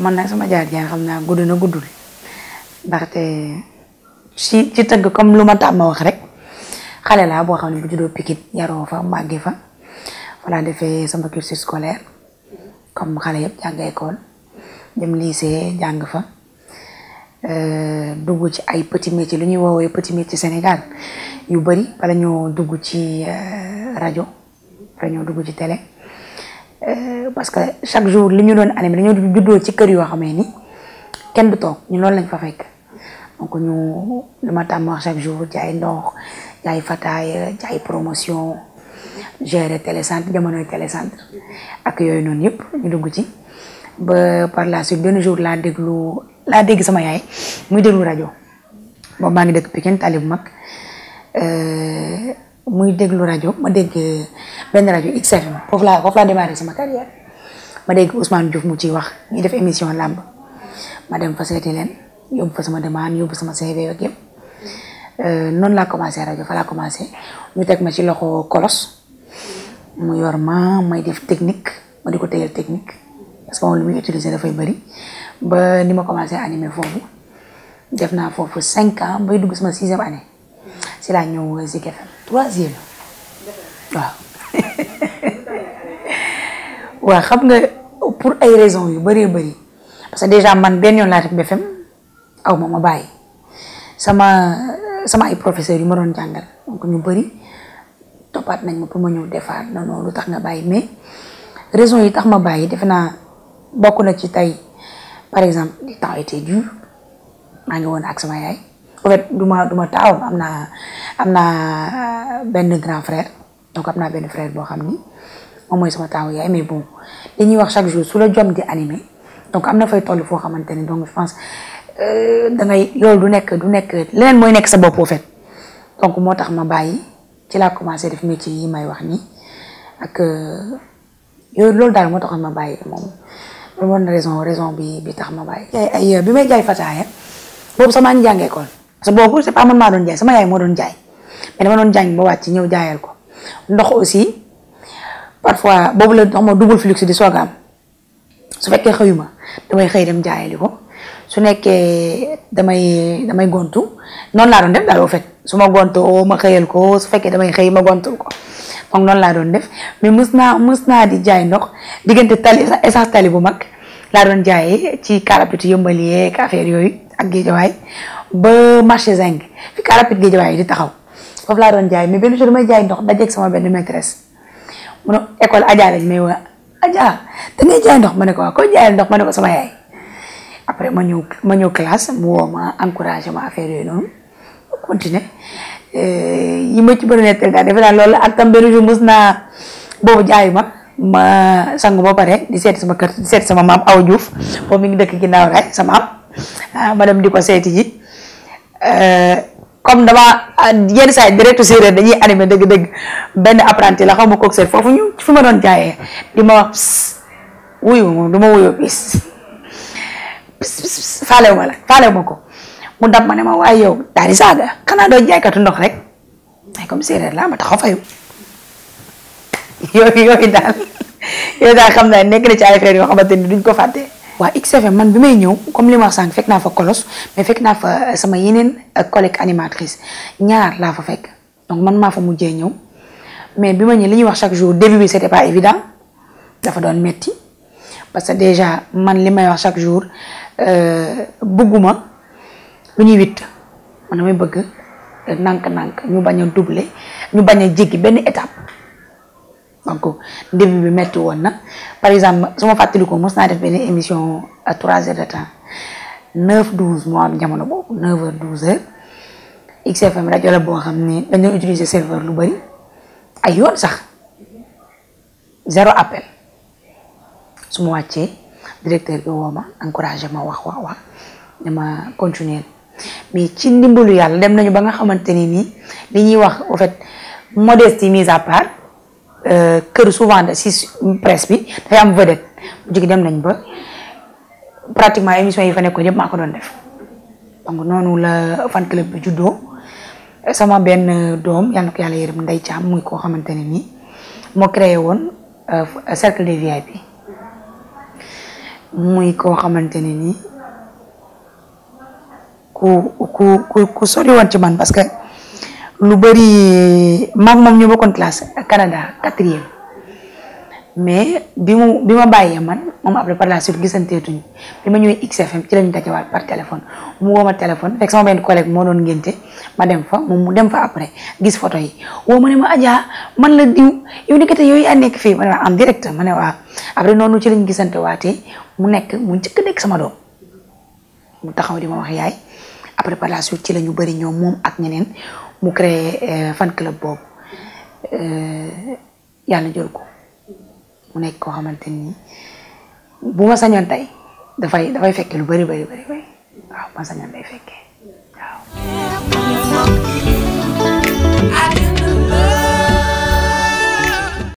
man nag sama jaar-jaar xam naa gudd na guddul ndaxte ci ci tëgg comme lu ma tàmm wax rek xale laa boo xam ne bu juddoo Pikine yaroo fa màggee fa voilà defee sama cursus scolaire comme xale yëpp jàng école dem lycée jàng fa eh, dugg ci ay petit métier lu ñuy woowee petit métier Sénégal yu bari bala ñoo ci rajo bala ñoo ci télé. Euh, parce que chaque jour li ñu doon animé dañoo juddoo ci kër yoo xamee ni kenn du toog ñu loolu lañ fa fekk donc ñu lu ma tàmm wax chaque jour jaay ndox jaay fataaya jaay promotion gérer télécentre jamonoy télécentre ak yooyu noonu yëpp ñu dugg ci ba par la suite benn jour laa déglu laa dégg sama yaay muy déglu rajo boobu maa ngi dëkk Pikine tali bu mag euh, muy déglu rajo ma dégg benn rajo XFM foofu laa foofu laa démarré sama carrière ma dégg Ousmane Diouf mu ciy wax ñu def émission làmb ma dem fa seeti leen yóbbu fa sama demande yóbbu sama CV ak yëpp noonu laa commencé rajo fa laa commencé ñu teg ma ci loxo kolos mu yor ma may def technique ma di ko téyal technique parce que moom lu muy utiliser dafay bëri ba ni ma commencé animé foofu def naa foofu cinq ans bay dugg sama sixième année si laa ñëw Zik FM troisième waaw waaw xam nga pour ay raisons yu bëree bëri parce que déjà man benn yoon laa def BFM aw ma ma bàyyi sama sama ay professeurs yu ma doon jàngal donc ñu bëri toppaat nañ ma pour ma ñëw defaat non non lu tax nga bàyyi mais raisons yi tax ma bàyyi defe naa bokk na ci tey par exemple le temps était dur maa ngi woon ak sama yaay. en fait duma duma taaw am naa am naa eh, benn grand frère donc am naa benn frère boo xam ni moom mooy sama taaw yaay mais bon li ñuy wax chaque jour su la jom di animé donc am na fay toll foo xamante ni donc je pense euh, da ngay loolu du nekk du nekk leneen mooy nekk sa bopp ak euh, yooyu loolu daal moo taxoon ma bàyyi moom loolu woon bi bi tax ma bàyyi. ay ay euh, bi may jaay fataaya boobu sama parce que boobu c'est pas man maa doon jaay sama yaay moo doon jaay mais dama doon jàng ba wàcc ñëw jaayal ko ndox aussi parfois boobu la xam nga double flux di soog am su fekkee xëyuma damay xëy dem jaayali ko su nekkee damay damay gontu noonu laa doon def daal au fait su ma gontoo ma xëyal ko su fekkee damay xëy ma gontul ko moom noonu laa doon def mais mës naa mës naa di jaay ndox diggante tali essence tali bu mag. laa doon jaayee ci carapit yëmbal yeeg affaire yooyu ak géejawaay ba marché zinc fi carapit géejawaay di taxaw foofu laa doon jaay mais benn jaay ndox dajeeg sama benn maîtresse mu ne ma ne ko ma ne ko sama yaay après ma ñëw ma ñëw classe mu woo ma encouragé ma affaire yooyu noonu euh, ma ci bëri boobu jaayu ma sangu ba pare di seeti sama kër di seeti sama maam aw a Diouf moom mi ngi dëkk ginnaaw raay sama am ah, ma dem di ko seeti ji euh, comme dama yenn saa yi directu séeréer dañuy animé dëgg-dëgg benn apprenti la xaw foofu ñu fi ma doon jaayee di ma wax wuyu moom du ma wuyoo ma la faalew ma ma ne yow daal di saaga xanaa doo jaaykatu ndox rek comme séeréer la ma taxaw fayu yooyu yooyu daal yooyu daal xam naa nekk na ci ay xeer yoo xamante ni duñ ko fàtte. waa XFM man bi may ñëw comme li ma wax sànq fekk naa fa kolos mais naa fa euh, sama yeneen euh, collègue animatrice ñaar laa fa fekk donc man maa fa mujjee ñëw mais bi ma ñëw li ñuy wax chaque jour début bi c'était pas évident dafa doon metti parce que déjà man li may wax chaque jour euh, bëgguma lu ñuy witt man may bëgg nànk-nànk ñu bañ a doubler ñu bañ a jéggi benn étape. donc début bi métti woon na par exemple su ma fàttalikoo mos naa def benn émission à trois heures de temps neuf douze moo am jamono boobu neuf heures douze heures XFM rajo la boo xam ne dañ doon utiliser serveur lu bari ay yoon sax zéro appel su ma wàccee directeur bi woo ma encouragé ma wax wax wax dama continuer mais ci ndimbalu yàlla dem nañu ba nga xamante ni nii li ñuy wax en fait modestie mise à part. kër souvent de si presse bi day am vedette bu jigi dem nañ ba pratiquement émission yi fa nekkoon yëpp maa ko def donc noonu la fan club bi sama Ben Dom yàlla na ko yàlla yërëm Ndey Caam muy koo xamante ne nii euh, cercle VIP muy koo ku ku ku sori woon ci man parce que lu bëri maag moom ñu bokkoon classe Canada quatrième mais bi mu bi ma bàyyee man moom après par la suite gisanteetuñu bi ma ñëwee XFM ci lañu dajewaat par téléphone mu woo a téléphone fekk sama benn collègue moo doon ngénte ma dem fa moom mu dem fa après gis photo yi woo ma ne ma Adja man la diw yow nekkate yooyu a nekk fii ma ne waa am direct ma ne waa après noonu ci lañ gisante waatee mu nekk mu njëkk nekk sama doom mu taxaw di ma wax yaay après par la suite ci la ñu bëri ñoom moom ak ñeneen mu créé euh, fan club boobu euh, yàlla jël ko mu nekk koo xamante ni bu ma sañoon dafay dafay fekke lu bari bëri bëri waaw ma sañoon fekkee